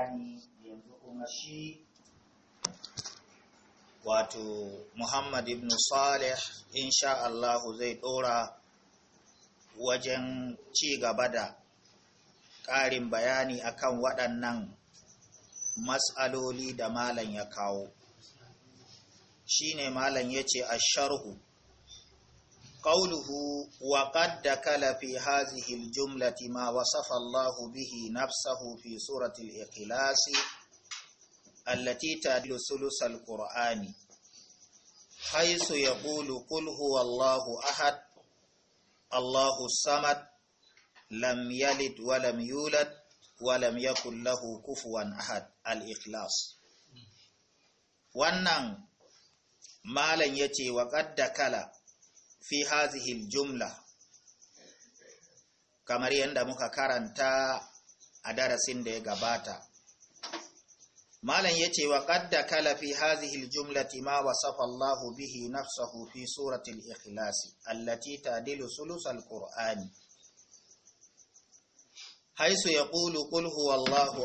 bayani yanzu kuma shi wato Muhammad ibn Salih insha Allah zai ɗora wajen ci gaba da ƙarin bayani akan waɗannan matsaloli da malam ya kawo. Shi ne malam ya ce a sharhu قوله وقد دكل في هذه الجملة ما وصف الله به نفسه في سورة الإخلاص التي تعدل ثلث القرآن حيث يقول قل هو الله أحد الله الصمد لم يلد ولم يولد ولم يكن له كفوا أحد الإخلاص wannan malam ya ce wa kala fi hazihil jumla kamar yadda muka karanta a darasin da ya gabata malam ya ce wa ƙadda kala fi hazihil jumlati ma wasafa Allahu bihi nafsahu fi suratul ikhlasi allati tadilu sulusal qur'ani حيث يقول قل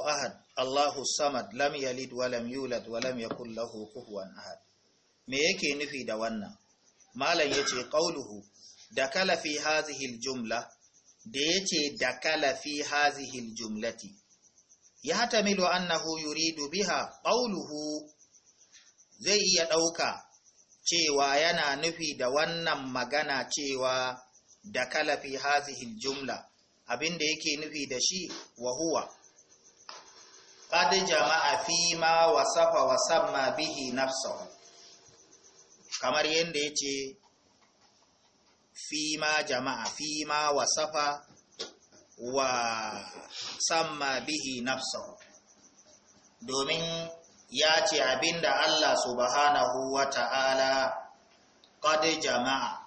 ahad allahu samad lam yalid لم يلد ولم يولد ولم يكن له كفوا Ahad. me yake nufi da wannan malam yace qauluhu dakala fi hadhihi aljumla da yace dakala fi hadhihi aljumlati yahtamilu annahu yuridu biha qauluhu zai iya ɗauka. cewa yana nufi da wannan magana cewa dakala fi hadhihi aljumla abinda yake nufi da shi wa huwa qad jama'a fi ma wasafa wa samma bihi nafsahu kamar yadda ya ce fima jama'a fima safa wa samma bihi nafsa domin ya ce abinda Allah subhanahu wa ta'ala ƙadi jama'a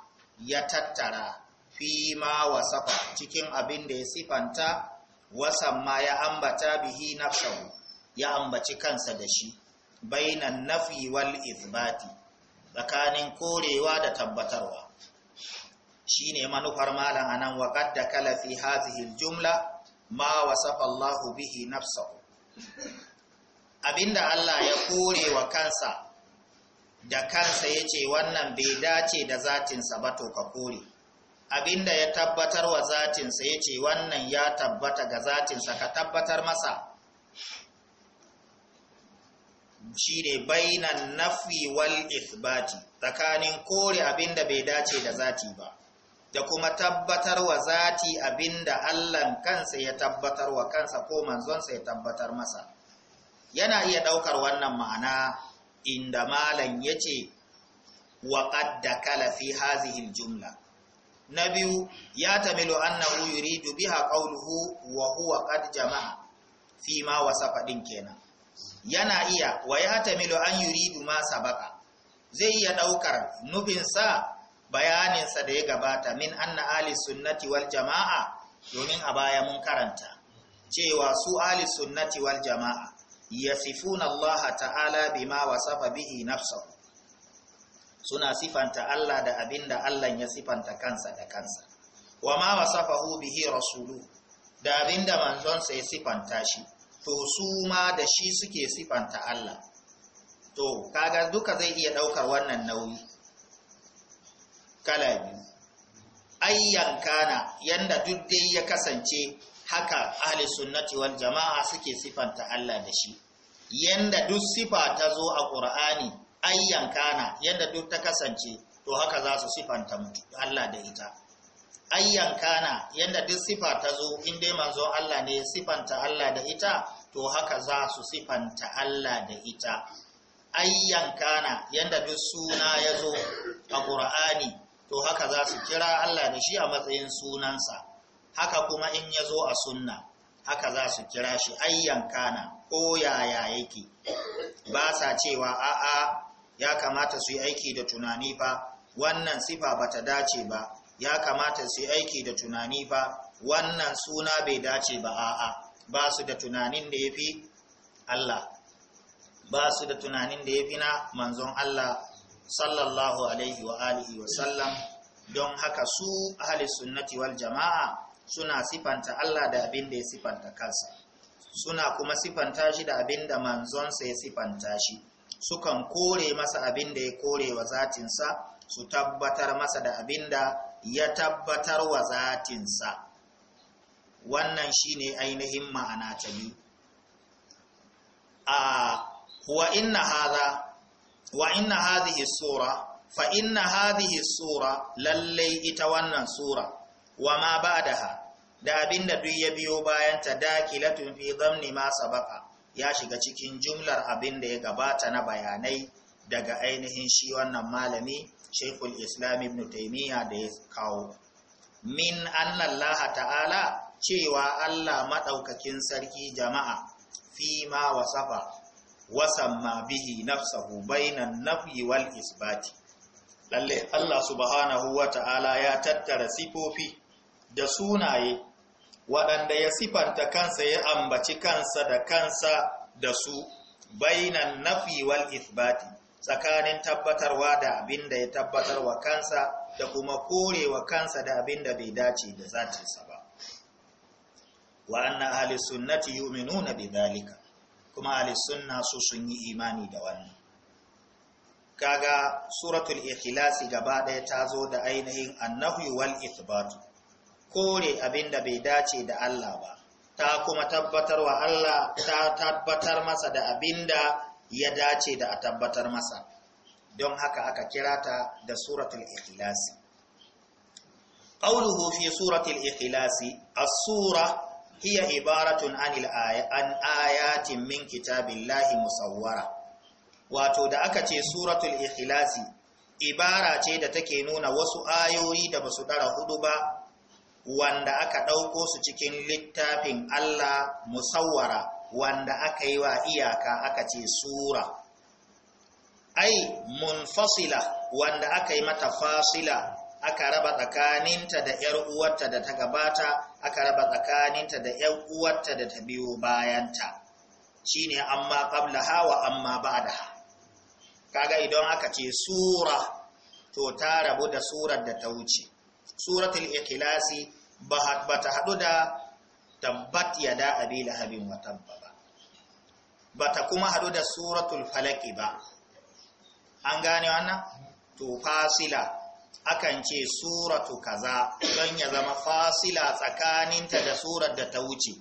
ya tattara fima safa cikin abinda ya sifanta wasan ma ya ambata bihi nafsa ya ambaci kansa da shi bainan nafi wal izbati tsakanin korewa da tabbatarwa Shi ne manufar malam anan nan qad da kalafi hadhihi jumla ma wasafa bihi nafsa. abinda Allah ya kore wa kansa da kansa ya ce wannan bai dace da zatinsa ba to ka kore abinda ya tabbatar wa zatinsa ya ce wannan ya tabbata ga zatinsa ka tabbatar masa Shi ne bainan nafi wal isbati tsakanin kore abinda bai dace da zati ba da kuma tabbatar wa zati abinda Allah kansa ya tabbatar wa kansa ko manzonsa ya tabbatar masa yana iya daukar wannan ma'ana inda malan yace wa qad kalafi, fi hadhihi jumla na biyu ya tamilu annahu yuridu biha qawluhu wa huwa qad jama'a fi ma wasafa kenan yana iya wa ya milo an yuridu ma sabaka zai iya daukar nufinsa bayaninsa da ya gabata min anna ali sunnati wal jama'a domin a baya mun karanta cewa su ali sunnati wal jama'a yasifuna Allah ta'ala bima wasafa bihi nafsahu suna sifanta Allah da abinda Allah ya sifanta kansa da kansa wa ma wasafahu bihi rasulu? da abinda manzon sa ya sifanta shi to su ma da shi suke sifanta Allah to kaga duka zai iya daukar wannan nauyi kala biyu ayyan kana yanda duk dai ya kasance haka ahli sunnati wal jama'a suke sifanta Allah da shi yanda duk sifa ta zo a Qur'ani ayyan kana yanda duk ta kasance to haka za su sifanta Allah da ita ayyan kana yadda duk sifa ta zo in dai manzo Allah ne sifanta Allah da ita to haka za su sifanta Allah da ita ayyan kana yadda duk suna ya zo a ƙura'ani to haka za su kira Allah da shi a matsayin sunansa haka kuma in ya zo a sunna haka za su kira shi ayyan kana ko yaya yake ba sa cewa a'a ya kamata su yi aiki da tunani fa wannan sifa bata dace ba ya kamata su aiki da tunani ba, wannan suna bai dace ba a'a ba su da tunanin da ya fi Allah ba su da tunanin da ya na manzon Allah sallallahu alaihi wa alihi wa sallam don haka su ahli sunnati wal jama'a suna sifanta Allah da abin da ya sifanta kansa suna kuma sifanta shi da abin da manzonsa ya sifanta shi sukan kore masa abin da ya kore wa zatinsa su tabbatar masa da abin da ya tabbatar wa zatinsa wannan shine ainihin ma'ana ta biyu a wa inna hadha wa inna hadhihi sura fa inna hadhihi sura lallai ita wannan sura wa ma ba'daha da abinda duk ya biyo bayan ta dakilatun fi dhamni ma baƙa. ya shiga cikin jumlar abinda ya gabata na bayanai daga ainihin shi wannan malami shekul islam ibn taimiyya da ya kawo min ta'ala cewa allah maɗaukakin sarki jama'a fi ma wasafa wasamma bihi nafsahu bainan nafyi wal isbati lalle allah subhanahu wa ta'ala ya tattara sifofi da sunaye waɗanda ya sifanta kansa ya ambaci kansa da kansa da su bainan nafi wal isbati tsakanin tabbatarwa da abin da ya wa kansa da kuma korewa kansa da abin da bai dace da zatinsa ba wa anna ahli sunnati yu'minuna bidhalika kuma ahli sunna su sun yi imani da wannan kaga suratul ikhlas gaba ɗaya ta zo da ainihin annahu wal ithbat kore abin da bai dace da Allah ba ta kuma tabbatarwa Allah ta tabbatar masa da abin ya dace da a tabbatar masa don haka aka kira ta da suratul ikhlasi qawluhu fi suratul ikhlasi as-sura hiya ibaratun anil an ayatin min kitabillahi musawwara wato da aka ce suratul ikhlasi ibara ce da take nuna wasu ayoyi da basu dara hudu ba wanda aka dauko su cikin littafin Allah musawwara wanda aka yi wa iyaka aka ce sura ai munfasila wanda aka yi mata fasila aka raba tsakaninta da ‘yar uwarta da ta gabata aka raba tsakaninta da ‘yar uwarta da ta biyo bayanta shine amma qabla hawa amma ha kaga idan aka ce sura to ta rabu da surar da ta wuce suratul ikhlasi ba ta hadu da tabbat yada abi lahabin wa tabba ba bata kuma hadu da suratul falaki ba an gane wannan to fasila akan ce suratu kaza don ya zama fasila tsakaninta da surar da ta wuce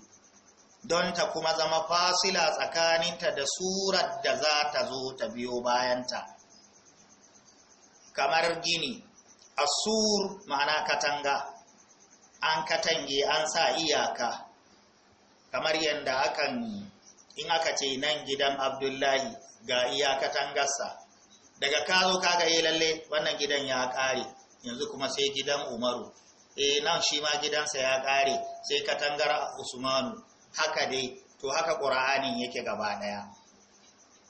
don ta kuma zama fasila tsakaninta da surar da za ta zo ta biyo bayanta kamar gini asur ma'ana katanga an katange an sa iyaka kamar yadda akan in aka ce nan gidan abdullahi ga iyakatan gassa daga ka zo kaga yi eh, lalle wannan gidan ya ƙare yanzu kuma sai gidan umaru E, nan shi ma gidansa ya ƙare sai katangar usmanu haka dai to haka ƙura'anin yake gaba ɗaya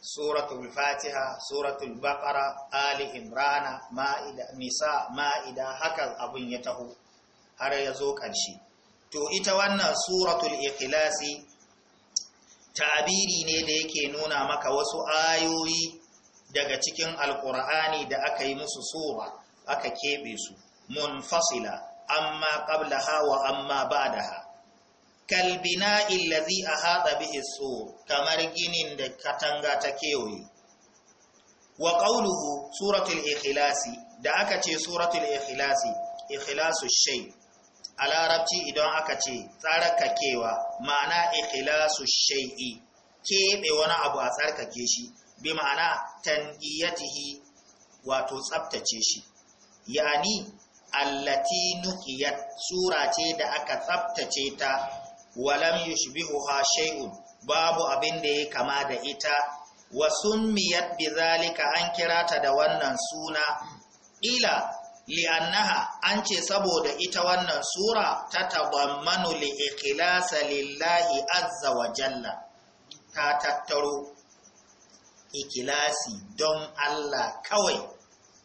suratul fatiha suratul baqara ali imrana ma'ida nisa ma'ida haka abun ya taho har ya zo ƙarshe to ita wannan suratul ikhlasi tabiri ne da yake nuna maka wasu ayoyi daga cikin Alƙur'ani da aka yi musu sura aka keɓe su munfasila amma qablaha wa amma ba'daha kal bina'i allazi ahata bihi sur kamar ginin da katanga ta kewaye wa qawluhu suratul ikhlasi da aka ce suratul ikhlasi ikhlasu shay a larabci idan aka ce tsarkakewa ma'ana ikhlasu shay'i keɓe wani abu a tsarkake shi bi ma'ana tanqiyatihi wato tsaftace shi yani allati nuqiyat sura ce da aka tsaftace ta walam yushbihuha shay'un babu abin da ya kama da ita wa summiyat bi zalika an kirata da wannan suna ila li'annaha an ce saboda ita wannan sura ta manu li'ikhlasa lillahi azza wa jalla ta ikilasi don Allah kawai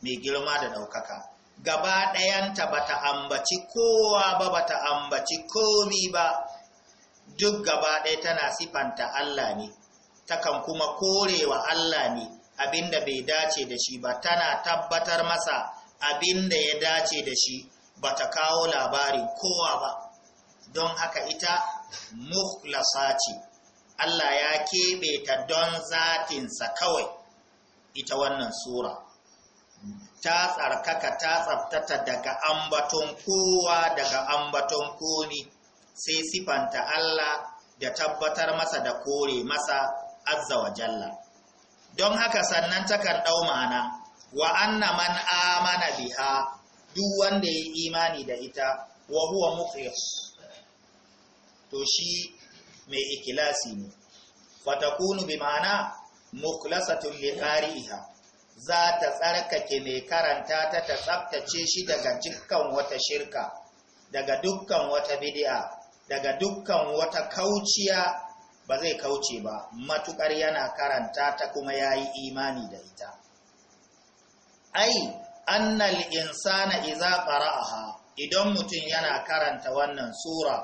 mai girma da ɗaukaka gaba ɗayanta bata ambaci kowa ba bata ambaci komi ba duk gaba ɗaya tana sifanta Allah ne takan kuma korewa Allah ne abinda bai dace da shi ba tana tabbatar masa abin da ya dace da shi ba ta kawo labarin kowa ba don haka ita mukhlasa ce Allah ya keɓe ta don zatinsa kawai ita wannan sura ta tsarkaka ta tsaftata daga ambaton kowa daga ambaton komi sai sifanta Allah da tabbatar masa da kore masa azza wa jalla don haka sannan takan ɗau ma'ana wa anna man amana biha duk wanda ya imani da ita wa huwa mukhlis to shi mai ikhlasi ne fatakunu bi ma'ana mukhlasatun li qari'iha za ta tsarkake mai karanta ta ta tsaftace shi daga dukkan wata shirka daga dukkan wata bid'a daga dukkan wata kauciya ba zai kauce ba matukar yana karanta ta kuma yayi imani da ita ai annal insana iza qara'aha idan mutum yana karanta wannan sura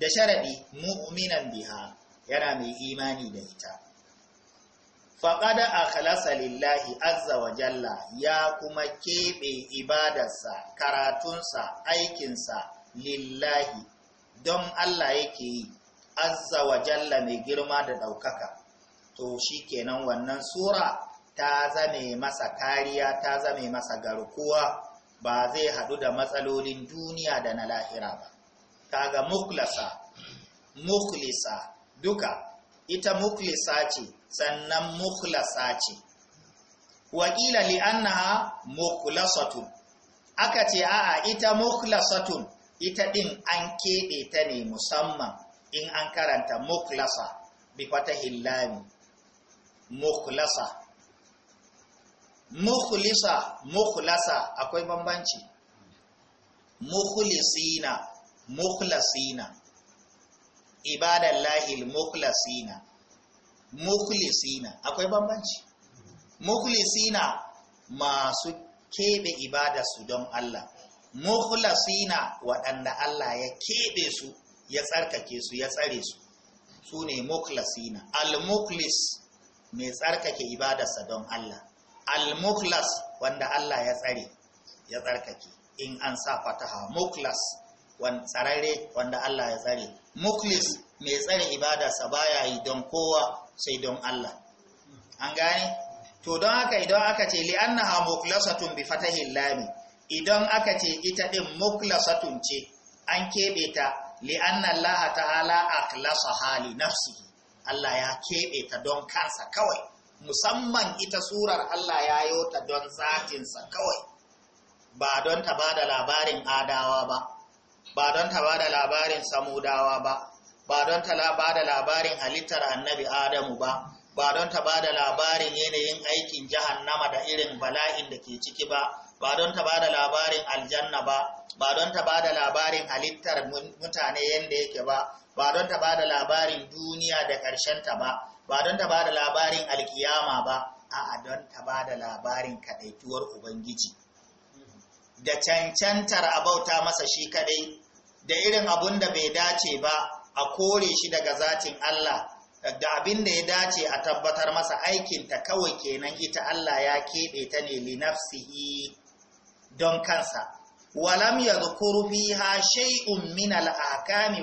da sharadi mu'minan biha yana mai imani da ita faqad akhlasa lillahi azza wa jalla ya kuma kebe ibadarsa karatunsa aikinsa lillahi don Allah yake yi azza wa jalla mai girma da ɗaukaka, to shi kenan wannan sura ta zame masa kariya ta zame masa garkuwa ba zai haɗu da matsalolin duniya da na lahira ba kaga muklasa muklisa duka ita muklisa ce sannan muklasa ce wakila li'annaha muklasatun aka ce a'a ita muklasatun ita ɗin an keɓe ta ne musamman in an karanta muklasa bi fatahil lami muklasa mukhlisa mukhlasa akwai bambanci mukhlisina mukhlasina ibadallahi mukhlasina mukhlisina akwai bambanci mukhlisina masu keɓe su don Allah mukhlasina waɗanda Allah ya keɓe su ya tsarkake su ya tsare su sune ne mukhlasina al-mukhlis mai tsarkake ibadarsa don Allah al muklas wanda Allah ya tsare ya tsarkake in an sa fataha muklas tsararre wanda Allah ya tsare muklis mai tsare ibadarsa baya yi don kowa sai don Allah an gane to don haka idan aka ce li'annaha muklasatun bi fatahil lami idan aka ce ita din muklasatun ce an keɓe ta li'anna Allah ta'ala aklasa hali nafsihi Allah ya keɓe ta don kansa kawai musamman ita surar Allah ya yi ta don zatinsa kawai ba don ta ba da labarin adawa ba ba don ta ba da labarin samudawa ba ba don ta ba da labarin halittar annabi adamu ba ba don ta ba da labarin yanayin aikin nama da irin bala'in da ke ciki ba ba don ta ba da labarin aljanna ba ba don ta ba da labarin halittar mutane yadda yake ba ba don ta ba da labarin duniya da ƙarshenta ba ba don ta ba da labarin alkiyama ba a'a don ta ba da labarin kaɗaituwar ubangiji da cancantar abauta masa shi kaɗai. da irin abun da bai dace ba a kore shi daga zatin Allah da abin da ya dace a tabbatar masa aikinta kawai kenan ita Allah ya keɓe ta ne linafsihi don kansa walam yadhkuru fiha shay'un min al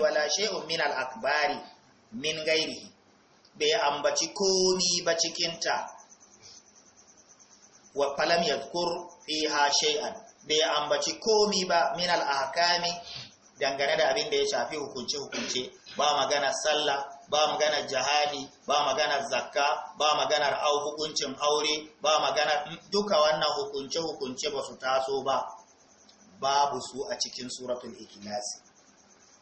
wala shay'un min al-akbari min ghairihi bai ambaci komi ba cikinta wa falam yadhkur fiha shay'an bai ambaci komi ba min al-ahkami dangane da abin da ya shafi hukunce hukunce ba magana sallah ba magana jihadi ba magana zakka ba maganar au hukuncin aure ba magana mm, duka wannan hukunce hukunce ba su taso ba babu su a cikin suratul ikhlas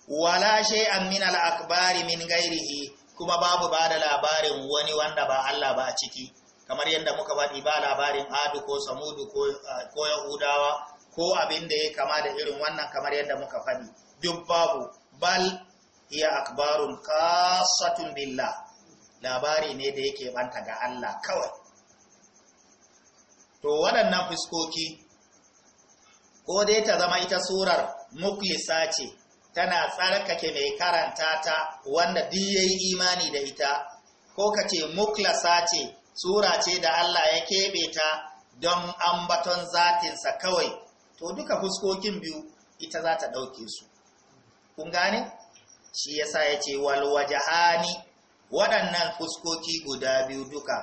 wala shay'an min al-akbari min ghairihi kuma babu ba da labarin wani wanda ba Allah ba a ciki kamar yadda muka faɗi ba labarin adu ko samudu ko eh, yahudawa ko abin da ya kama da irin wannan kamar yadda muka faɗi duk babu bal iya akbarun kasatun billah labari ne da yake banta ga Allah kawai to waɗannan fuskoki ko dai ta zama ita surar muklisa ce tana tsarkake mai karanta ta wanda duk yayi imani da ita ko kace muklasa ce tsura ce da Allah ya keɓe ta don ambaton zatinsa kawai to duka fuskokin biyu ita za ta ɗauke su kun gane shi yasa ya ce walwajahani waɗannan fuskoki guda biyu duka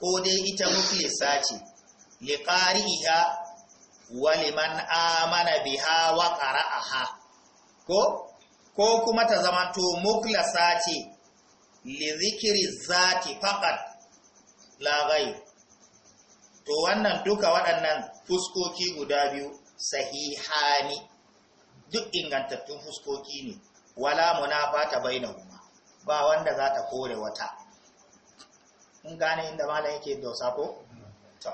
ko dai ita muklisa ce liqari'iha wa liman amana biha wa ha ko ko kuma ta zama to muklasa ce li zikiri zati faqat la ghayr to wannan duka waɗannan fuskoki guda biyu sahihani duk ingantattun fuskoki ne wala munafata bainahuma ba wanda za ta kore wata in gane inda malam yake dosa ko to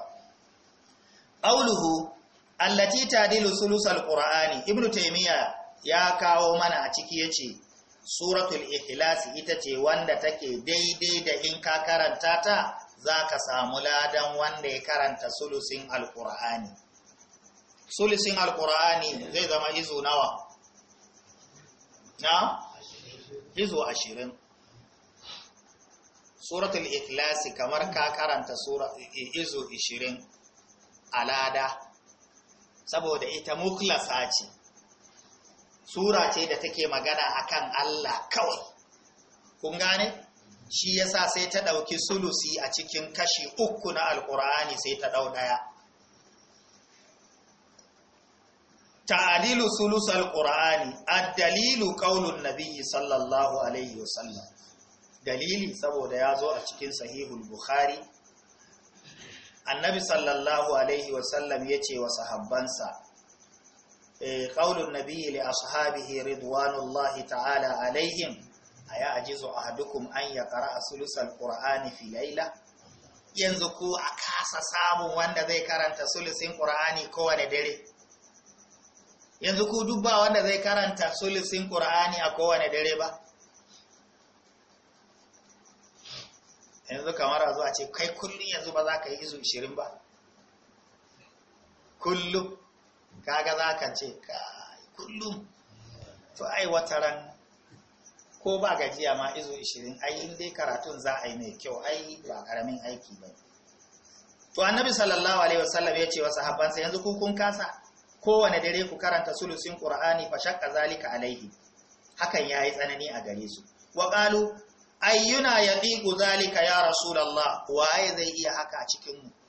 qauluhu allati tadilu sulusal qur'ani ibnu taymiya ya kawo mana a ciki yace suratul ikhlas ita ce wanda take daidai da in ka karanta ta zaka samu ladan wanda ya karanta sulusin alqur'ani sulusin alqur'ani zai zama izu nawa na izu 20 suratul ikhlas kamar ka karanta sura izu 20 alada saboda ita mukhlasa ce sura ce da take magana akan Allah kawai kun gane shi yasa sai ta ɗauki sulusi a cikin kashi uku na Alƙur'ani sai ta ɗau ɗaya ta'adilu sulus ad dalilu qaulun nabiyyi sallallahu alaihi wasallam dalili saboda ya a cikin sahihul bukhari annabi sallallahu alaihi wasallam ya wa sahabbansa Eh, qaulun nabiyyi li ashabihi ridwanullahi ta'ala alaihim aya ajizu ahadukum an yaqra'a sulusal qur'ani fi yanzu ku a kasa samun wanda zai karanta sulusin qur'ani kowane dare yanzu ku duk ba wanda zai karanta sulusin qur'ani a kowane dare ba yanzu kamar a zuwa ce kai kullum yanzu ba za ka yi izu 20 ba kullum kaga za ka ce kai kullum to ai wata ko ba gajiya ma izo 20 ai in dai karatun za a yi mai kyau ai ba karamin aiki ba to annabi sallallahu alaihi wasallam ya ce wa sahabbansa yanzu ku kun kasa kowane dare ku karanta sulusin qur'ani fa shakka zalika alaihi hakan yayi tsanani a gare su wa qalu ayyuna yadiqu zalika ya rasulullah waye zai iya haka cikin mu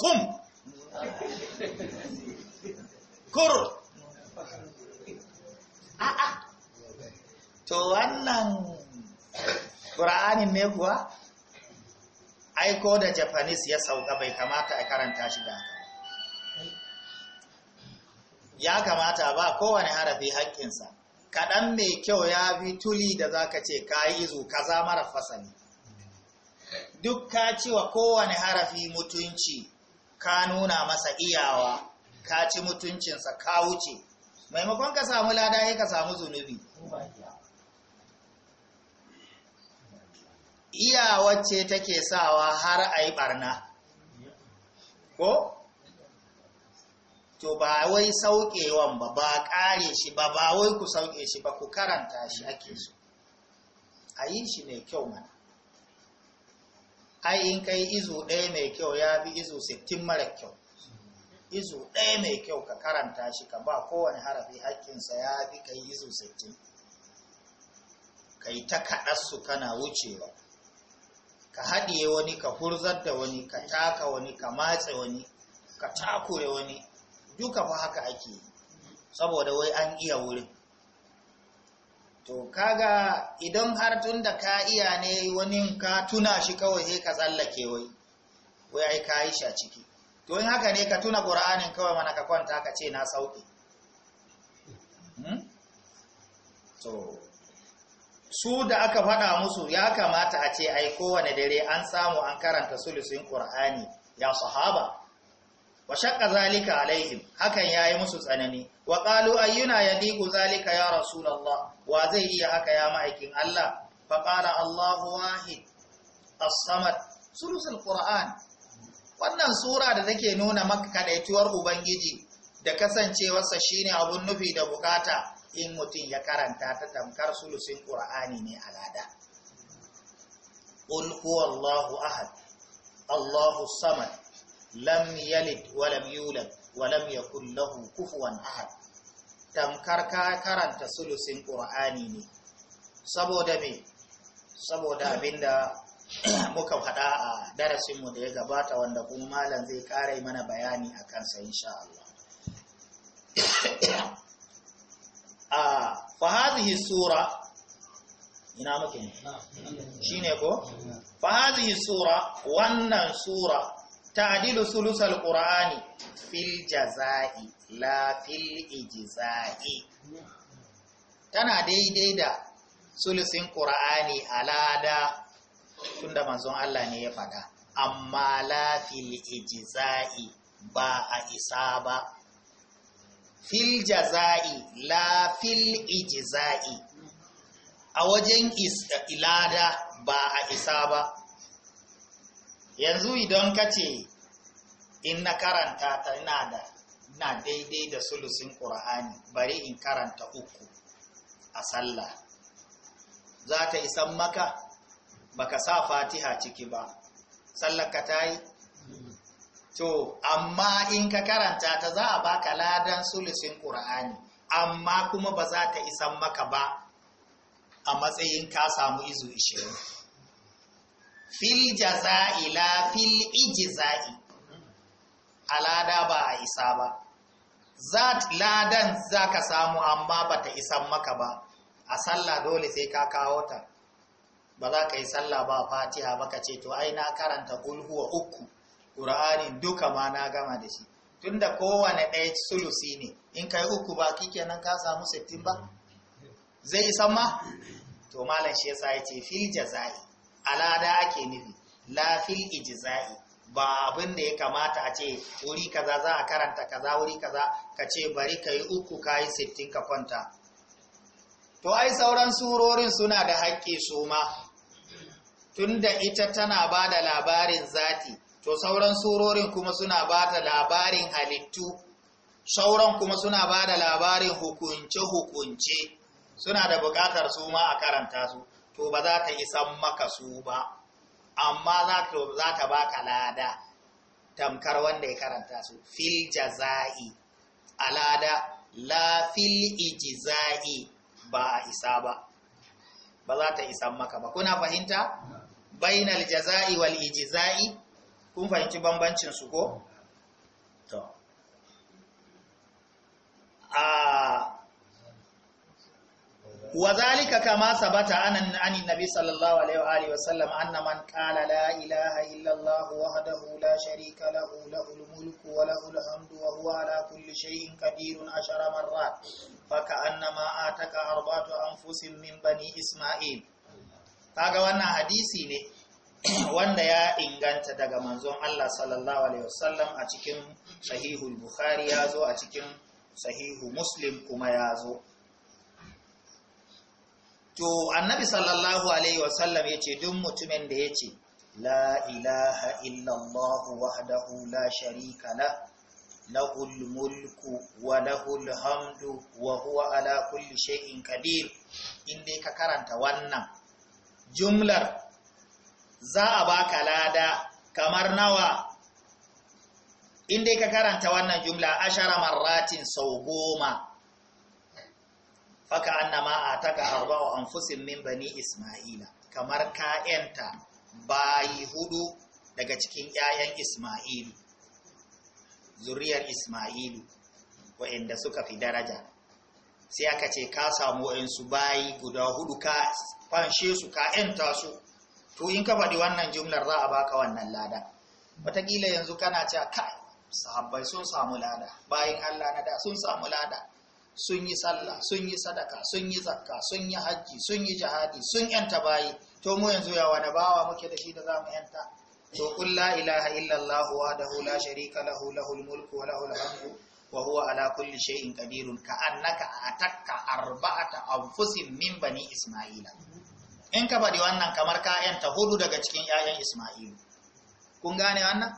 kum kur a'a to wannan ƙura'anin ne kuwa aiko da japanese ya sauka bai kamata a karanta shi da haka ya kamata ba kowane harafi haƙƙinsa kaɗan mai kyau ya bi tuli da za ka ce ka yi zu kaza mara fasali duk ka ci wa kowane harafi mutunci ka nuna masa iyawa ka ci mutuncinsa ka wuce maimakon ka samu lada ka samu zunubi iyawace take sawa har a yi barna ko to ba wai sauƙewan ba ba ƙare shi ba ba wai ku sauƙe shi ba ku karanta shi ake so a yi shi mai kyau mana ai in kai izu ɗaya mai kyau ya fi izu sittin mara kyau izu ɗaya mai kyau ka karanta shi ka ba kowane harafi haƙƙinsa ya fi kai izu sittin kai ta kaɗarsu kana wucewa ka haɗiye wani ka hurzar da wani ka taka wani ka matse wani ka takure wani duka fa haka ake saboda wai an iya wurin to kaga idan har tun da ka iya ne wani ka tuna shi kawai sai ka tsallake wai wai ai ka yi ciki to in haka ne ka tuna qur'anin kawai mana ka kwanta ka ce na sauke so hmm? su da aka faɗa musu ya kamata a ce ai kowane dare an samu an karanta sulusin qur'ani ya sahaba wa shaqqa zalika alaihim hakan yayi musu tsanani Waƙalu, qalu ayyuna yadiku zalika ya rasulullah wa zai iya haka ya ma'aikin Allah fa qala Allahu wahid wannan sura da take nuna maka kadaituwar ubangiji da kasancewarsa shine abun nufi da bukata in mutum ya karanta ta tamkar sulusin qur'ani ne alada qul huwallahu ahad allahu samad lam yalid wa lam yulad wa lam yakul lahu kufuwan ahad tamkar ka karanta sulusin ƙur'ani ne saboda me saboda abinda muka faɗa a darasinmu da ya gabata wanda kuma malam zai ƙara mana bayani a kansa insha Allah fa hadhihi sura ina muke shine ko hadhihi sura wannan sura ta'dilu sulusal qur'ani fil jazai la fil ijzai tana daidai da sulusin qur'ani alada tunda manzon Allah ne ya faɗa amma la fil ijzai ba a isa ba fil jazai la fil ijzai a wajen ilada ba a isa ba yanzu idan ka ce in na karanta ta ina na daidai da sulusin ƙura'ani bari in karanta uku a sallah za ta isan maka baka sa fatiha ciki ba ka ta yi to amma in ka karanta ta za a baka ladan sulusin ƙura'ani amma kuma ba za ta isan maka ba a matsayin ka samu izu ishirin fil jaza'i la fil ijza'i alada ba a isa ba zat ladan zaka samu amma bata isa maka ba a sallah dole sai ka kawo ta ba za ka yi sallah ba fatiha ba ka ce to ai na karanta ulhuwa uku qur'ani duka ma na gama da shi tunda kowane ɗaya sulusi ne in kai uku ba kikenan ka samu sittin ba zai isa ma to malam shi yasa ya fil jaza'i alada ake nufi lafil ijza'i ba abin da ya kamata a ce wuri kaza za a karanta kaza wuri kaza ka ce bari ka yi uku ka yi sittin ka kwanta to ai sauran surorin suna da haƙƙi su ma tunda ita tana ba da labarin zati to sauran surorin kuma suna ba da labarin halittu sauran kuma suna ba da labarin hukunce-hukunce suna da buƙatar su ma a karanta su to ba za ta isan maka su ba amma za ta ba ka lada tamkar wanda ya karanta su fil jaza'i alada la fil ijza'i ba isa ba ba za ta isa maka ba kuna fahimta bainal jaza'i wal ijza'i kun fahimci bambancin su ko ah, وذلك كما ثبت عن عن النبي صلى الله عليه واله وسلم ان من قال لا اله الا الله وحده لا شريك له له الملك وله الحمد وهو على كل شيء قدير عشر مرات فكانما اتك اربعه انفس من بني اسماعيل kaga wannan hadisi ne wanda ya inganta daga manzon Allah sallallahu alaihi wasallam a cikin sahihul bukhari ya zo a cikin sahihu muslim kuma ya zo to annabi sallallahu alaihi wasallam ya ce duk mutumin da ya ce la ilaha illallah wahdahu la sharika la lahul mulku wa lahul hamdu wa huwa ala kulli shay'in qadir indai ka karanta wannan jumlar za a baka lada kamar nawa indai ka karanta wannan jumla ashara marratin sau goma faka annama ataka wa anfusin min bani isma'ila kamar ka yanta bayi hudu daga cikin 'ya'yan isma'ilu zuriyar isma'ilu wa'inda suka fi daraja sai aka ce ka samu wa'insu bayi guda hudu ka fanshe su ka su to in ka faɗi wannan jumlar za a baka wannan lada wataƙila yanzu kana cewa kai sahabbai sun samu lada bayin allah na da sun samu lada sun yi sallah sun yi sadaka sun yi zakka sun yi hajji sun yi jihadi sun yanta bayi to mu yanzu ya wani bawa muke da shi da za mu yanta to kun la ilaha illallah wa la sharika lahu lahul mulku wa lahul hamdu wa huwa ala kulli shay'in qadirun ka annaka atakka arba'ata anfusin min bani isma'ila in ka bari wannan kamar ka yanta hudu daga cikin 'ya'yan isma'ila kun gane wannan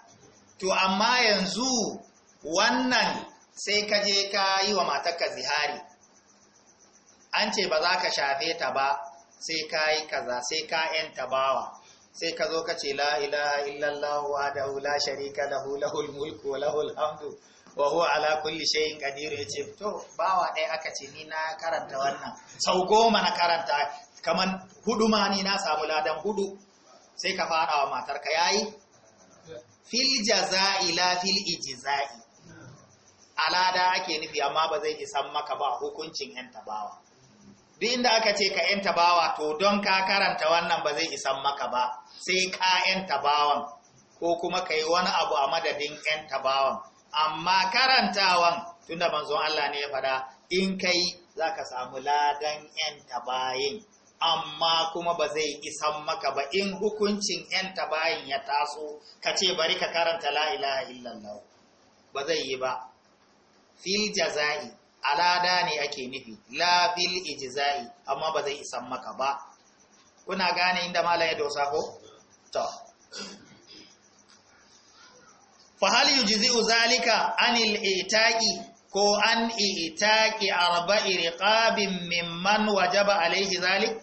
to amma yanzu wannan sai ka je ka yi wa matarka zihari an ce ba za ka shafe ta ba sai ka yi kaza sai ka yanta bawa sai ka zo ka ce la illallah wa da la sharika da hula hulmulku wa lahul hamdu wa huwa ala kulli shay'in ya yace to bawa ɗaya aka ce ni na karanta wannan sau goma na karanta kamar hudu ma ni na samu ladan hudu sai ka fara wa matarka yayi fil jaza'i la fil ijza'i alada ake nufi amma ba zai isan maka ba hukuncin yan tabawa duk inda aka ce ka yan tabawa to don ka karanta wannan ba zai isan maka ba sai ka yan tabawan ko kuma ka yi wani abu a madadin yan tabawan amma karantawan tunda manzon Allah ne ya faɗa in kai za ka samu ladan yan tabayin amma kuma ba zai isan maka ba in hukuncin yan tabayin ya taso ka ce bari ka karanta la ilaha illallah ba zai yi ba fil jaza'i alada ne ake nufi la fil ijza'i amma ba zai isan maka ba kuna gane inda malam ya dosa ko to fa hal yujzi'u zalika anil itaqi ko an itaqi arba'i riqabin mimman wajaba alaihi zalik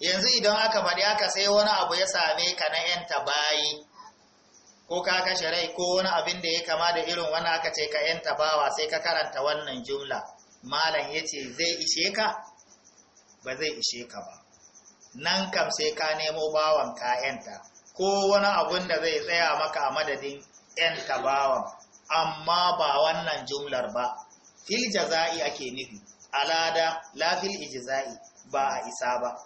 yanzu idan aka faɗi aka sai wani abu ya same ka na yanta bayi ko ka kashe rai ko wani abin da ya kama da irin wani aka ce ka yanta bawa sai ka karanta wannan jumla malam ya ce zai ishe ka ba zai ishe ka ba nan kam sai ka nemo bawan ka yanta ko wani abin da zai tsaya maka a madadin yanta bawan amma ba wannan jumlar ba fil jaza'i ake nufi alada la fil ijza'i ba a isa ba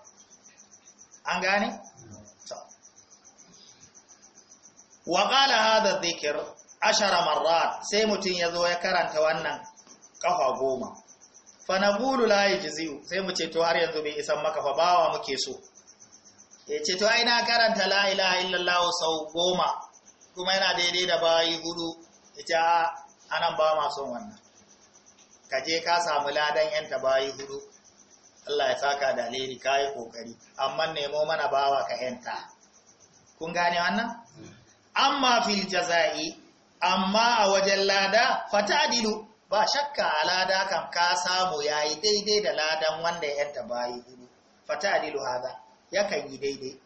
an gane wa qala hadha zikir ashara marar sai ya zo ya karanta wannan kafa goma Fanabul'u layi la sai mu ceto har yanzu bai isan maka fa bawa muke so ya to ai na karanta layi layi illallah sau goma kuma yana daidai da bayi hudu ita anan ba ma wannan ka je ka samu ladan yanta bayi hudu Allah ya saka da ka kayi kokari amma nemo mana bawa ka yanta kun gane wannan hmm. amma fil jaza'i amma a wajen lada fatadilu ba shakka a lada kan ka samu yayi daidai da ladan wanda ya yanta bayi hudu fatadilu haza yakan yi daidai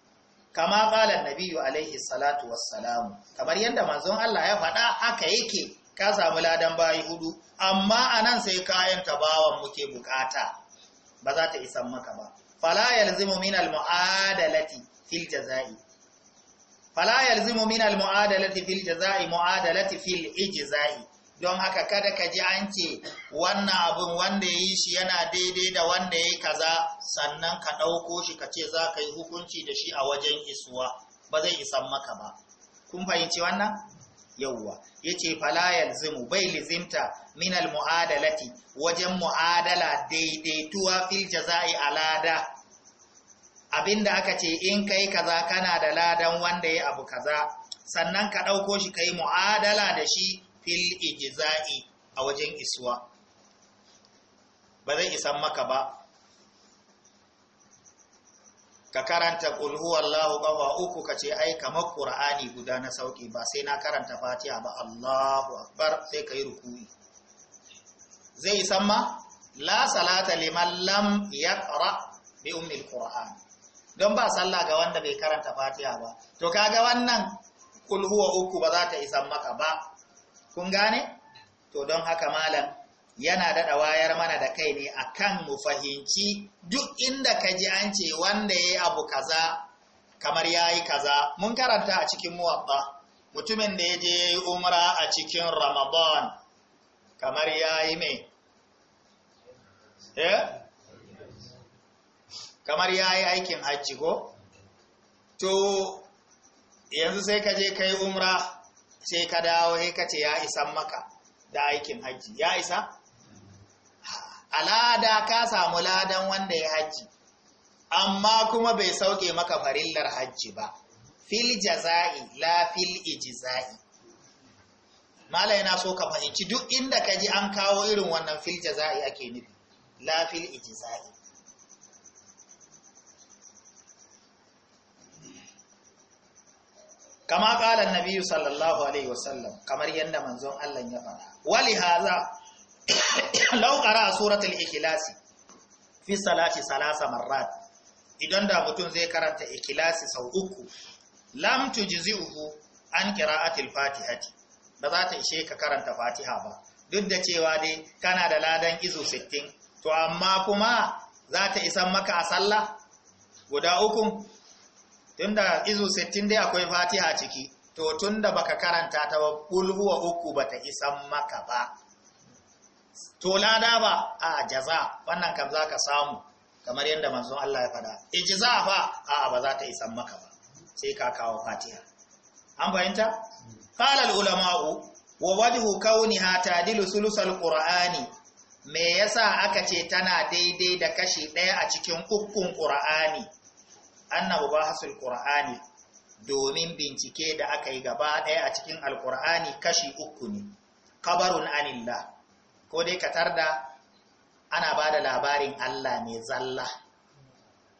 kama qala nabiyyu alaihi salatu wassalamu kamar yadda manzon Allah ya faɗa haka yake ka samu ladan bayi hudu amma anan sai kayan bawan muke bukata ba za ta isan maka ba fala yalzimu min al mu'adalati fil jazai fala yalzimu min almu'adalati fil jazai mu'adalati fil ijzai don haka kada ka ji an ce wannan abun wanda ya yi shi yana daidai da wanda ya yi kaza sannan ka ɗauko shi ka ce za ka yi hukunci da shi a wajen isuwa ba zai isan maka ba kun fahimci wannan yauwa ya ce fala zimu bai lizimta min mu'adalati wajen mu'adala daidaituwa fil jaza'i alada abinda aka ce in kai kaza kana da ladan wanda ya abu kaza sannan ka ɗauko shi ka yi mu'adala da shi fil ijiza'i a wajen isuwa ba zai isan maka ba ka karanta ƙulhuwallahu ƙafa uku ka ce ai kamar ƙura'ani guda na sauƙi ba sai na karanta fatiha ba allahu akbar sai ka yi rukuni zai isan ma la salata liman lam yaqra bi ummil qur'an don ba sallah ga wanda bai karanta fatiha ba to kaga wannan kulhuwa uku ba za ta isa maka ba kun gane to don haka malam yana daɗa wayar mana da kai ne akan mu fahimci duk inda ka ji an ce wanda yayi abu kaza kamar ya kaza mun karanta a cikin muwatta mutumin da ya je umra a cikin ramadan kamar ya yi mai eh kamar ya yi aikin hajji ko to yanzu sai ka je kai umra sai ka dawo sai ka ce ya isan maka da aikin hajji ya isa alada ka samu ladan wanda ya hajji amma kuma bai sauke maka farillar hajji ba fil jaza'i la fil ijza'i mala yana so ka fahimci duk inda ka ji an kawo irin wannan fil jaza'i ake nufi la fil ijza'i kama kala Nabiyu sallallahu alaihi wasallam kamar yadda manzon Allah ya faɗa wali haza law qara suratul ikhlas fi salati salasa marrat idan da mutum zai karanta ikhlasi sau uku lam tujzi'uhu an qira'atil fatihati ba za ta ishe ka karanta fatiha ba duk da cewa dai kana da ladan izu 60 to amma kuma za ta isan maka a sallah guda uku tunda izu 60 dai akwai fatiha ciki to tunda baka karanta ta ba bulhuwa uku ba ta isan maka ba to lada ba a jaza wannan kam zaka samu kamar yadda manzo Allah ya fada ijza fa a ba za ta isan maka ba sai ka kawo fatiha an bayanta qala al ulama'u wa wajhu kauniha tadilu sulusal qur'ani me yasa aka ce tana daidai da kashi ɗaya a cikin ukkun qur'ani anna hasul qur'ani domin bincike da aka yi gaba ɗaya a cikin alqur'ani kashi uku ne kabarun anillah ko dai ka tarda ana ba da labarin Allah ne zalla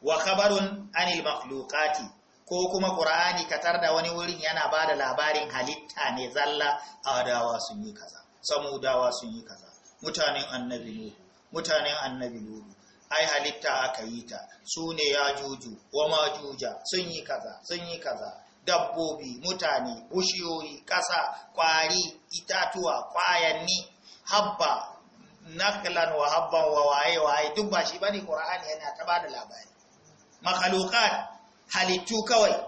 wa kabarun anil makhluqati ko kuma qur'ani ka tarda wani wurin yana ba da labarin halitta ne zalla adawa sun yi kaza samudawa sun yi kaza mutanen annabi nuhu mutanen annabi nuhu ai halitta aka yi ta su ne ya juju wa majuja sun yi kaza sun yi kaza dabbobi mutane bushiyoyi ƙasa kwari itatuwa kwayanni habba naklan wa habban wa waye waye duk ba shi bane qur'ani yana ta bada labari makhluqat halittu kawai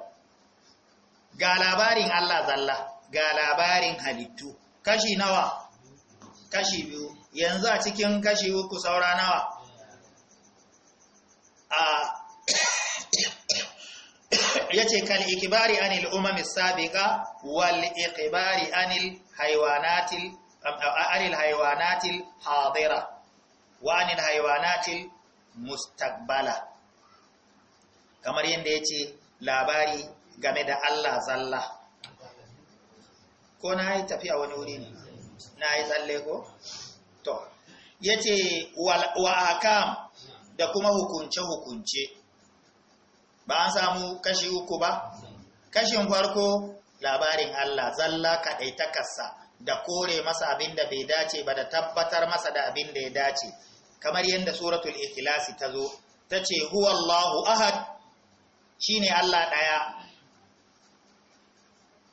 ga labarin Allah zalla ga labarin halittu kashi nawa kashi biyu yanzu a cikin kashi uku saura nawa ya yace kan ikibari anil umami sabiqa wal ikibari anil haywanatil anil haywanatil hadira wa anil haywanatil mustaqbala kamar yadda yace labari game da Allah zalla ko na yi tafiya wani wuri ne na yi tsalle ko to yace wa akam da kuma hukunce-hukunce ba an samu kashi uku ba kashin farko labarin Allah zalla kaɗaitakarsa da kore masa abin da bai dace ba da tabbatar masa da abin da ya dace kamar yadda suratul ikilasi ta zo ta ce huwallahu ahad shine Allah ɗaya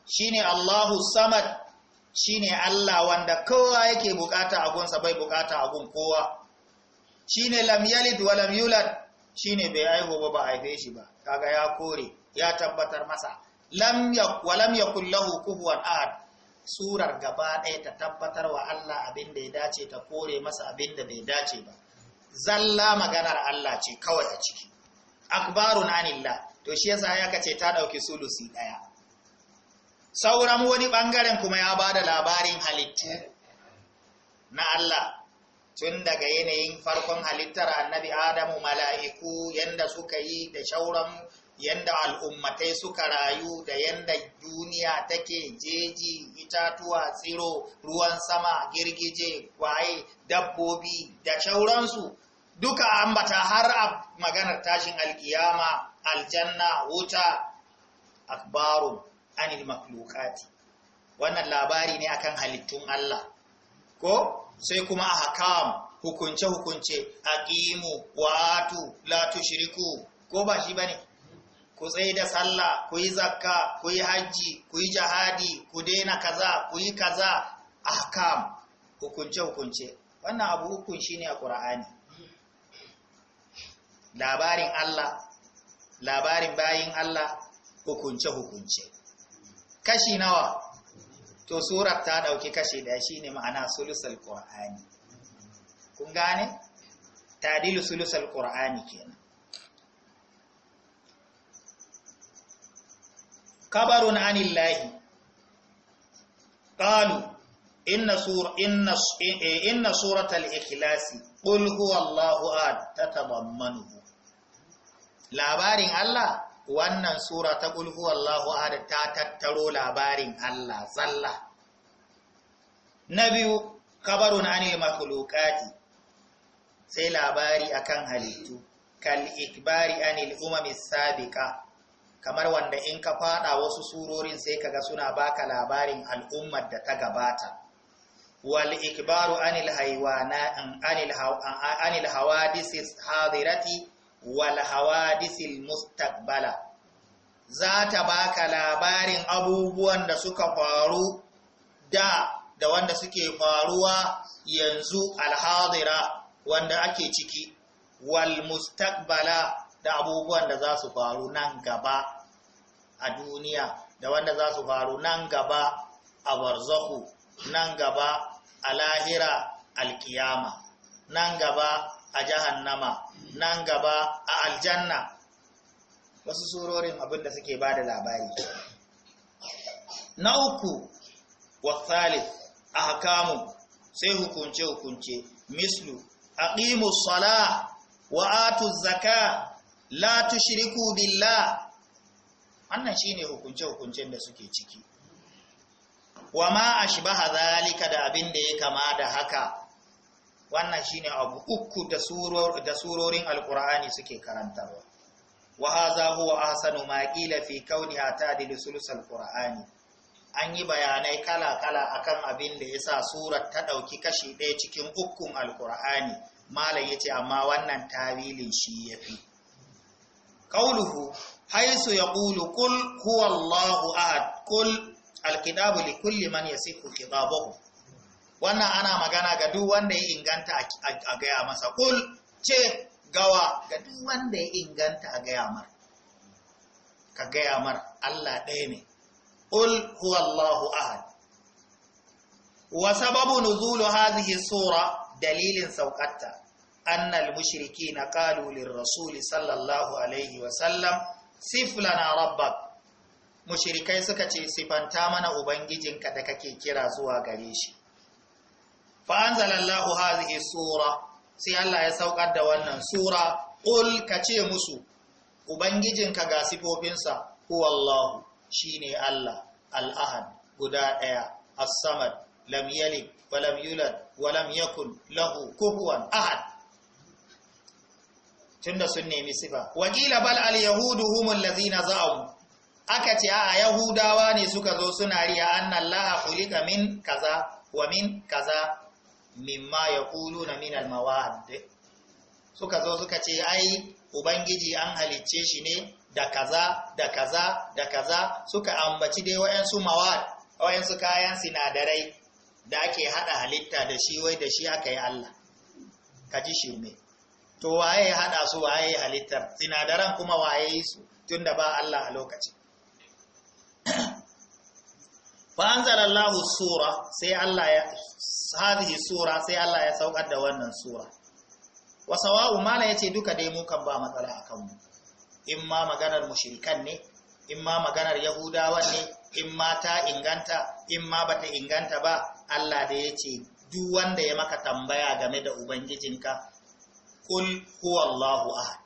shine Allahu samad shine Allah wanda kowa yake bukata a gunsa bai bukata a kowa shine lam yalid wa lam yulad shine bai haihu ba ba aife shi ba kaga ya kore ya tabbatar masa lam wa lam yakul lahu kufuwan ahad surar gaba ɗaya ta tabbatar wa Allah abin da ya dace ta kore masa abin da bai dace ba zalla maganar Allah ce kawai a ciki akbarun anillah to shi yasa ya kace ta dauki sulusi daya sauran wani bangaren kuma ya bada labarin halittu na Allah tun daga yanayin farkon halittar annabi adamu mala'iku yanda suka yi da shauran yanda al'ummatai suka rayu da yanda duniya take jeji itatuwa tsiro ruwan sama girgije kwaye, dabbobi da shauransu duka ambata har a maganar tashin alkiyama aljanna wuta akbaru, anil makulukati wannan labari ne akan halittun Allah ko sai kuma a hakam hukunce hukunce a aqimu wa'atu latu shiriku ko ba shi ba ne? ku tsaye da sallah ku yi zakka ku yi hajji ku yi jihadi ku daina kaza ku yi kaza hakam hukunce hukunce wannan abu hukun ne a ƙura'ani labarin Allah labarin bayin Allah hukunce hukunce kashi nawa to surar ta ɗauki kashe shi ne ma'ana sulusal qur'ani kun gane tadilu sulusal qur'ani kenan kabarun anillahi qalu inna sur inna eh, eh, inna suratal ikhlasi qul huwallahu ahad tatadammanuhu labarin Allah wannan sura ta ƙulhu Allahu ahad ta tattaro labarin Allah zalla na biyu kabarun anil makhluqati sai labari a kan halittu kal ikbari anil sabiqa kamar wanda in ka faɗa wasu surorin sai ka ga suna baka labarin al'ummar da ta gabata wal ikbaru anil hawa anil hadirati wal hawadisil mustaqbala za ta baka labarin abubuwan da suka faru da da wanda suke faruwa yanzu alhadira wanda ake ciki wal mustaqbala da abubuwan da za su faru nan gaba a duniya da wanda za su faru nan gaba a barzahu nan gaba a lahira alkiyama nan gaba a jahannama nan gaba a aljanna wasu surorin abin da suke ba da labari na uku wasalif a hakamu sai hukunce-hukunce mislu aqimu sala wa atu zaka la tushriku billah wannan shine hukunce-hukuncen da suke ciki wa ma ashbaha zalika da abin da ya kama da haka wannan shine abu uku da suror da surorin alqur'ani suke karantarwa wa hadha huwa ahsanu ma qila fi kauniha ta'dilu alqur'ani an yi bayanai kala kala akan abin da yasa surar ta dauki kashi ɗaya cikin ukun alqur'ani malam yace amma wannan tawilin shi yafi qawluhu haisu yaqulu qul huwallahu ahad qul alkitabu likulli man yasifu kitabahu wannan ana magana ga duk wanda ya inganta a gaya masa kul ce gawa ga duk wanda ya inganta a gaya mar ka gaya mar Allah ɗaya ne ul huwallahu ahad wa sababu nuzulu hadhihi sura dalilin saukatta annal na ƙalolin Rasuli sallallahu alaihi wa sallam sif lana rabbak mushrikai suka ce sifanta mana ubangijinka da kake kira zuwa gare shi fa anzalallahu hadhihi sura sai Allah ya saukar da wannan sura qul kace musu ubangijinka ga sifofinsa huwallahu shine Allah al-ahad guda ɗaya as-samad lam yalid wa lam yulad wa yakun lahu kufuwan ahad tunda sun nemi sifa wakila bal al yahudu humul ladhina za'u aka ce a yahudawa ne suka zo suna riya anna allaha khuliqa min kaza mimma ya kulu na suka zo suka ce ai ubangiji an halicce shi ne da kaza da kaza da kaza suka ambaci dai wayansu mawad wayansu kayan sinadarai da ake hada halitta da shi wai da shi aka yi Allah ka ji shirme to waye ya hada su waye halittar sinadaran kuma waye yi su tunda ba Allah a lokaci? fa anzalallahu sura sai Allah ya hadhihi sura sai Allah ya saukar da wannan sura wa mala yace duka dai mu kan ba matsala akan mu in ma maganar mushrikan ne in ma maganar yahudawan ne in ma ta inganta in ma bata inganta ba Allah da yace duk wanda ya maka tambaya game da ubangijinka kul huwallahu ahad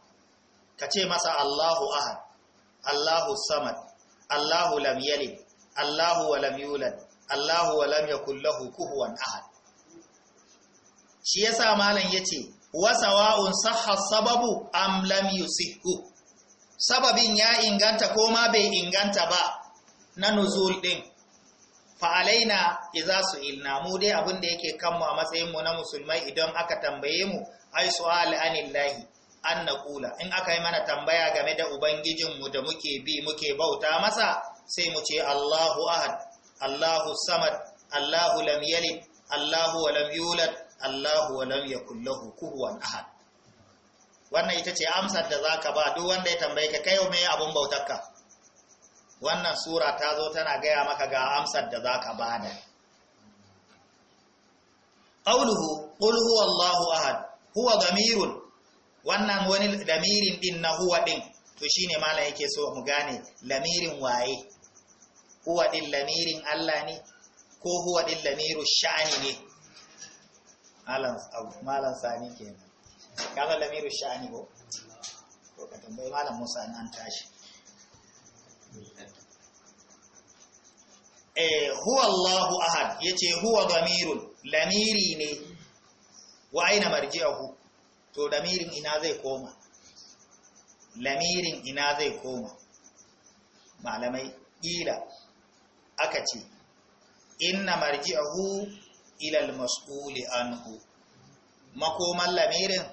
kace masa Allahu ahad Allahu samad Allahu lam yalid Allahu wa lam yulad Allahu wa lam yakul lahu kufuwan ahad shi yasa malam yace wa sawa'un sahha sababu am lam yusihhu sababin ya inganta ko ma bai inganta ba na nuzul din fa alaina idza su'ilna mu dai abin da yake kanmu a matsayin mu na musulmai idan aka tambaye mu ai su'al anillahi an naqula in aka yi mana tambaya game da ubangijin mu da muke bi muke bauta masa sai mu ce Allahu ahad Allahu samad Allahu lam yalid Allahu wa lam yulad Allahu wa lam yakul lahu kuhuwan ahad wannan ita ce amsar da zaka ba duk wanda ya tambaye ka kai me abun bautarka wannan sura ta zo tana gaya maka ga amsar da zaka bada qawluhu qul huwa Allahu ahad huwa damirun wannan wani damirin din na huwa din to shine malam yake so mu gane lamirin waye huwa ɗin lamirin Allah ne ko huwa ɗin lamiru sha'ani ne malam sani kenan kaza lamiru sha'ani ko ko ka tambaye malam musa an tashi eh huwa Allahu ahad yace huwa damirun lamiri ne wa aina marji'uhu to lamirin ina zai koma lamirin ina zai koma malamai ƙila aka ce inna marji'ahu ila al-mas'uli anhu makoman lamirin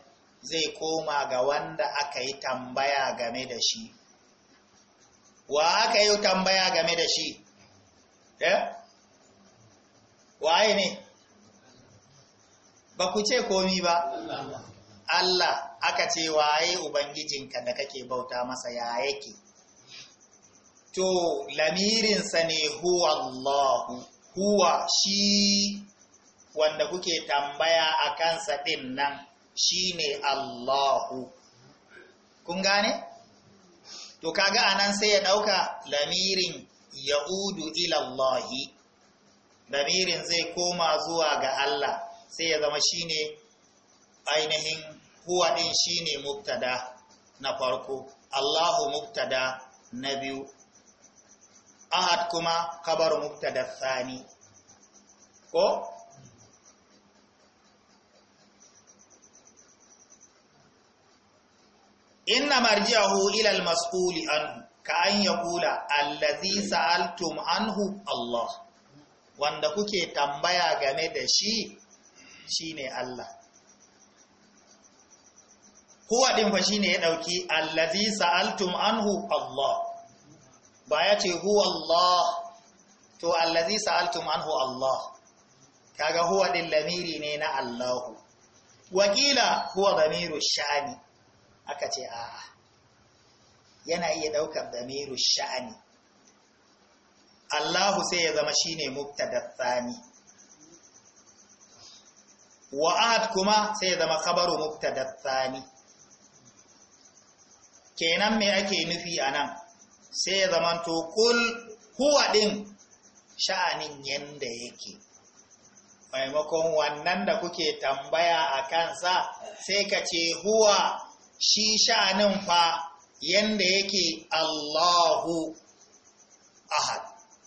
zai koma ga wanda aka yi tambaya game da shi wa aka yi tambaya game da shi eh waye ne ba ku ce komi ba Allah aka ce waye ubangijinka da kake bauta masa ya yake to lamirinsa ne huwa Allah huwa shi wanda kuke tambaya a kansa ɗin nan shi ne Allahu kun gane? to kaga anan sai ya ɗauka lamirin ya'udu ilallahi lamirin zai koma zuwa ga Allah sai ya zama shine ainihin huwa din shine mubtada na farko Allahu muktada na biyu ahad kuma khabaru mubtada tsani ko inna marji'ahu ila al-mas'uli anhu ka an yaqula allazi sa'altum anhu Allah wanda kuke tambaya game da shi shine Allah huwa din fa shine ya dauki allazi sa'altum anhu Allah ba ya ce huwa Allah to allazi sa'altum anhu Allah kaga huwa din lamiri ne na Allahu wakila huwa damiru sha'ani aka ce a'a yana iya daukar damiru sha'ani Allahu sai ya zama shine mubtada tsani wa ahad kuma sai ya zama khabaru mubtada tsani kenan me ake nufi anan sai ya zamanto kul huwa din sha'anin yanda yake maimakon wannan da kuke tambaya a kansa sai ka ce huwa shi sha'anin fa yanda yake Allahu ahad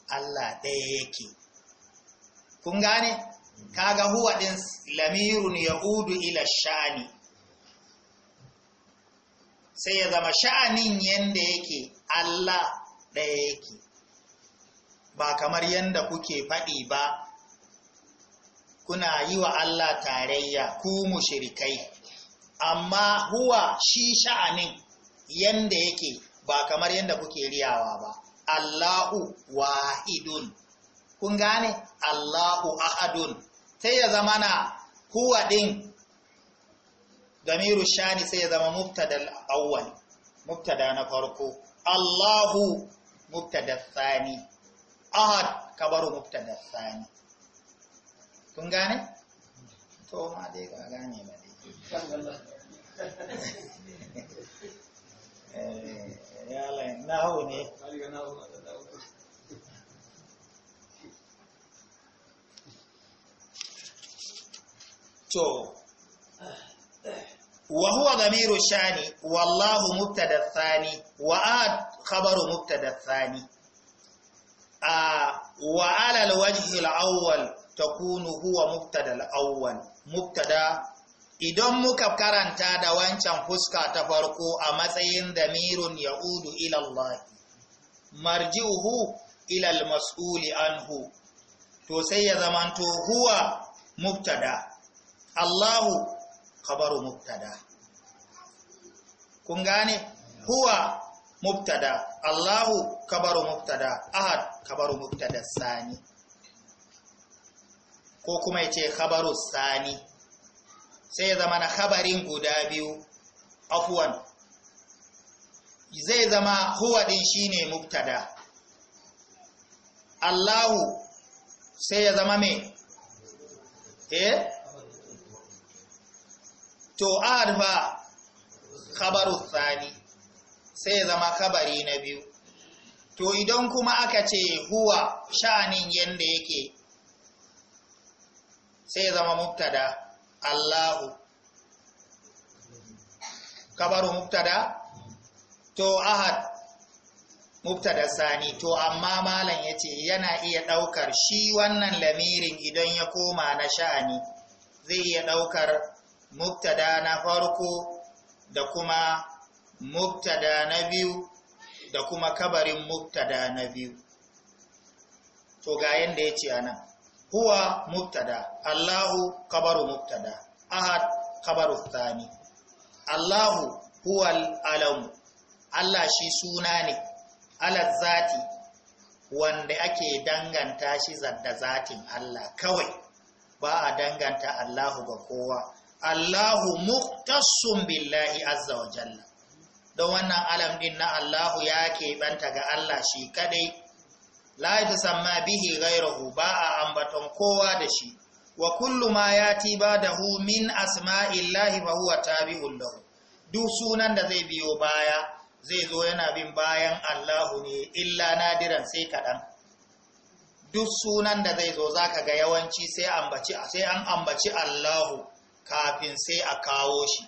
Allah ɗaya yake kun gane kaga huwa din lamirun yaudu ila sha'ani sai ya zama sha'anin yadda yake Allah ɗaya yake ba kamar yadda kuke faɗi ba kuna yi wa Allah tarayya ku mushrikai amma huwa shi sha'anin yadda yake ba kamar yadda kuke riyawa ba Allahu wahidun kun gane Allahu ahadun sai ya zama na huwa ɗin. ضمير الشان سيزم مبتدا الأول مبتدا نفرقو الله مبتدا الثاني أهد كبر مبتدا الثاني كنغاني تو ما ديك أغاني ما يا لين ناهوني تو wa huwa damiru shani wallahu mubtada Sani. wa ad khabaru mubtada thani a wa ala alwajhi alawwal takunu huwa mubtada alawwal mubtada idan muka karanta da wancan fuska ta farko a matsayin damirun ya'udu ila Allah marji'uhu ila mas'uli anhu to sai ya zamanto huwa mubtada Allahu khabaru mubtada kun gane huwa mubtada Allahu kabaru mubtada ahad kabaru mubtada sani ko kuma yace khabaru sani sai ya zama na khabarin guda biyu afwan zai zama huwa din shine mubtada Allahu sai ya zama me eh to ahad fa khabaru thani sai zama kabari na biyu to idan kuma aka ce huwa sha'anin yanda yake sai zama mubtada Allahu khabaru mubtada to ahad mubtada sani to amma malam yace yana iya daukar shi wannan lamirin idan ya koma na sha'ani zai iya daukar mubtada na farko da kuma mubtada na biyu da kuma kabarin mubtada na biyu to ga yanda yace anan huwa mubtada Allahu kabaru mubtada ahad kabaru tsani Allahu huwa al-alamu Allah shi suna ne alal zati wanda ake danganta shi zadda zatin Allah kawai ba a danganta Allahu ga kowa Allahu muktassun billahi azza wa jalla don wannan alam din na Allahu ya keɓanta ga Allah shi kadai la samma bihi gairahu ba a ambaton kowa da shi wa kullu ma yati ba'dahu min asma'illahi fa huwa tabi'un lahu duk sunan da zai biyo baya zai zo yana bin bayan Allahu ne illa nadiran sai kaɗan. duk sunan da zai zo zaka ga yawanci sai ambaci sai an ambaci Allahu kafin sai a kawo shi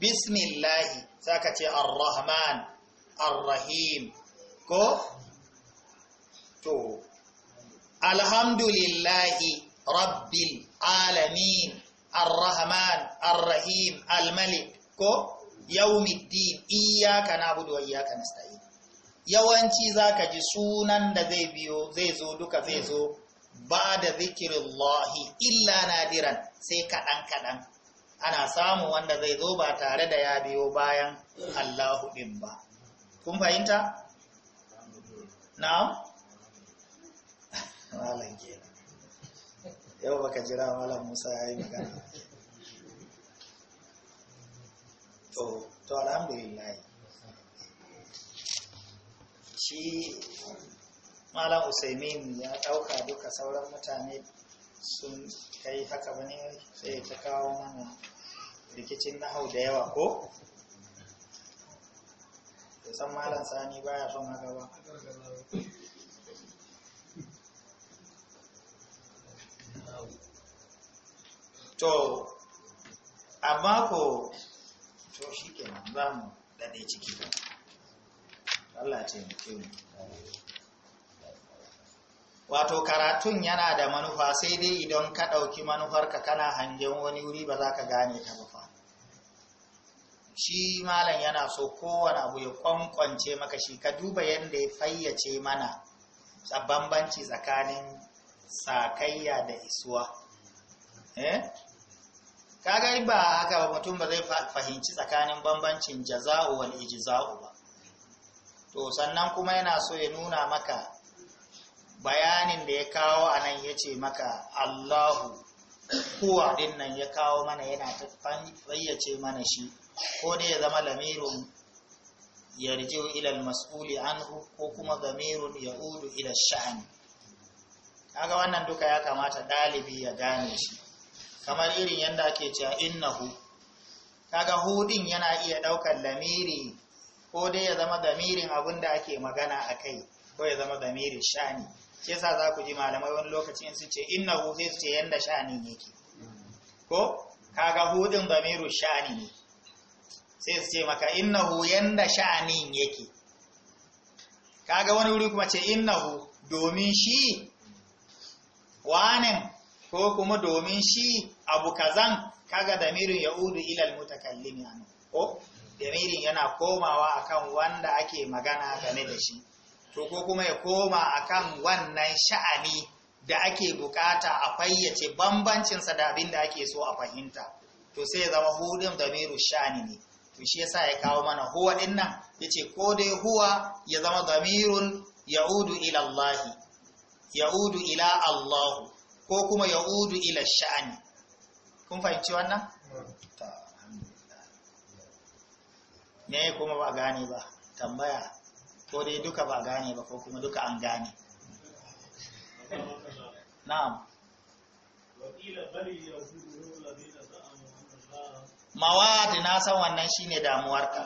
bismillahi za ka ce ar-rahman ko to alhamdulillahi rabbil alamin ar-rahman ar ko yaumiddin iyyaka na'budu wa iyyaka nasta'in yawanci zaka ji sunan da zai biyo zai zo duka zai zo ba da zikirillahi illa nadiran sai kaɗan-kaɗan ana samu wanda zai zo ba tare da ya biyo bayan Allahu ɗin ba. Kun fahimta? Na'am? Malam kenan. Yau baka jira Malam Musa ya yi magana. To, to alhamdulillah. Shi Malam Usaimin ya ɗauka duka sauran mutane sun kai haka ba sai ta kawo mana rikicin nahau da yawa ko? san malam sani baya son haka ba to amma ko to shi kenan za mu daɗe ciki ba Allah ce mu wato karatun yana da manufa sai dai idan ka ɗauki manufarka kana hangen wani wuri ba za ka gane ta ba shi malam yana so kowane abu ya kwankwance maka shi ka duba yadda ya fayyace mana bambanci tsakanin sakayya da isuwa eh kaga ba haka ba mutum ba zai fahimci tsakanin bambancin jaza'u wal ijza'u ba to sannan kuma yana so ya nuna maka bayanin da ya kawo a nan ya ce maka allahu kuwa din nan ya kawo mana yana ta fayyace mana shi ko dai ya zama lamirin yarjiu ila ilal masuli an ko kuma ya udu ila sha'ani kaga wannan duka ya kamata dalibi ya gane shi kamar irin yadda ake cewa innahu kaga hudin yana iya daukar lamiri ko dai ya zama zamirin abinda ake magana akai ko ya zama lamirin sha'ani shi yasa za ku ji malamai wani lokaci in su ce inna hu sai su ce yanda sha'anin yake ko kaga hudin damiru sha'ani ne sai su ce maka inna hu yanda sha'anin yake kaga wani wuri kuma ce inna hu domin shi wanin ko kuma domin shi abu kazan kaga damirin ya udu ilal mutakallimi anu ko damirin yana komawa akan wanda ake magana game da shi to ko kuma ya koma akan wannan sha'ani da ake bukata a fayyace bambancinsa da abin da ake so a fahimta to sai ya zama hudun damiru sha'ani ne to shi yasa ya kawo mana huwa din nan ce ko dai huwa ya zama damirun ya'udu ila Allah ya'udu ila Allah ko kuma ya'udu ila sha'ani kun fahimci wannan ne kuma ba gane ba tambaya ko dai duka ba gane ba ko kuma duka an gane na'am mawad na san wannan shine damuwarka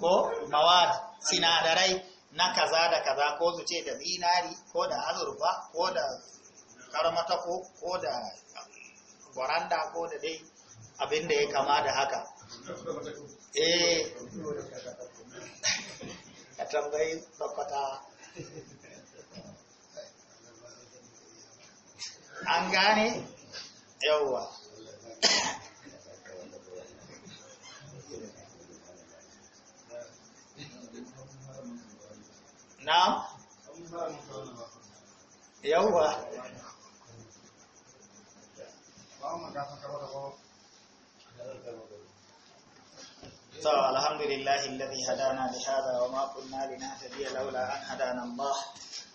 ko mawad sinadarai na kaza da kaza ko su ce da zinari ko da azurfa ko da karmatako ko da waranda ko da dai abinda ya kama da haka eh ka tambayi bakwata an gane yawwa na yawwa ba mu الحمد لله الذي هدانا لهذا وما كنا لنهتدي لولا أن هدانا الله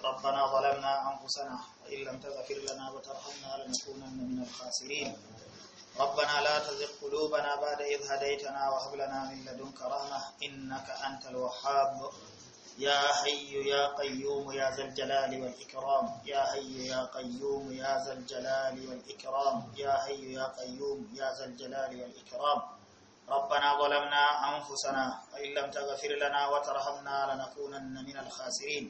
ربنا ظلمنا أنفسنا وإن لم تغفر لنا وترحمنا لنكونن من الخاسرين ربنا لا تزغ قلوبنا بعد إذ هديتنا وهب لنا من لدنك رحمة إنك أنت الوهاب يا حي يا قيوم يا ذا الجلال والإكرام يا حي يا قيوم يا ذا الجلال والإكرام يا حي يا قيوم يا ذا الجلال والإكرام ربنا ظلمنا أنفسنا وإن لم تغفر لنا وترحمنا لنكونن من الخاسرين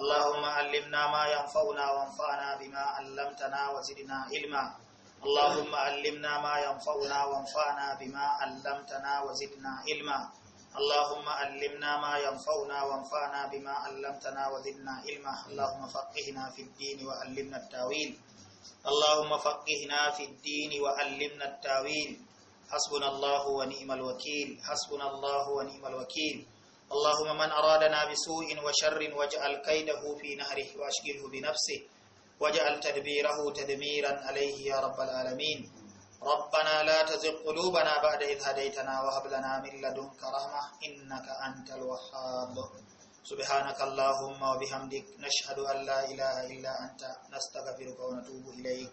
اللهم علمنا ما ينفعنا وانفعنا بما علمتنا وزدنا علما اللهم علمنا ما ينفعنا وانفعنا بما علمتنا وزدنا علما اللهم علمنا ما ينفعنا وانفعنا بما علمتنا وزدنا علما اللهم فقهنا في الدين وعلمنا التاويل اللهم فقهنا في الدين وعلمنا التاويل حسبنا الله ونعم الوكيل حسبنا الله ونعم الوكيل اللهم من أرادنا بسوء وشر واجعل كيده في نهره وأشغله بنفسه واجعل تدبيره تدميرا عليه يا رب العالمين ربنا لا تزغ قلوبنا بعد إذ هديتنا وهب لنا من لدنك رحمة إنك أنت الوهاب سبحانك اللهم وبحمدك نشهد أن لا إله إلا أنت نستغفرك ونتوب إليك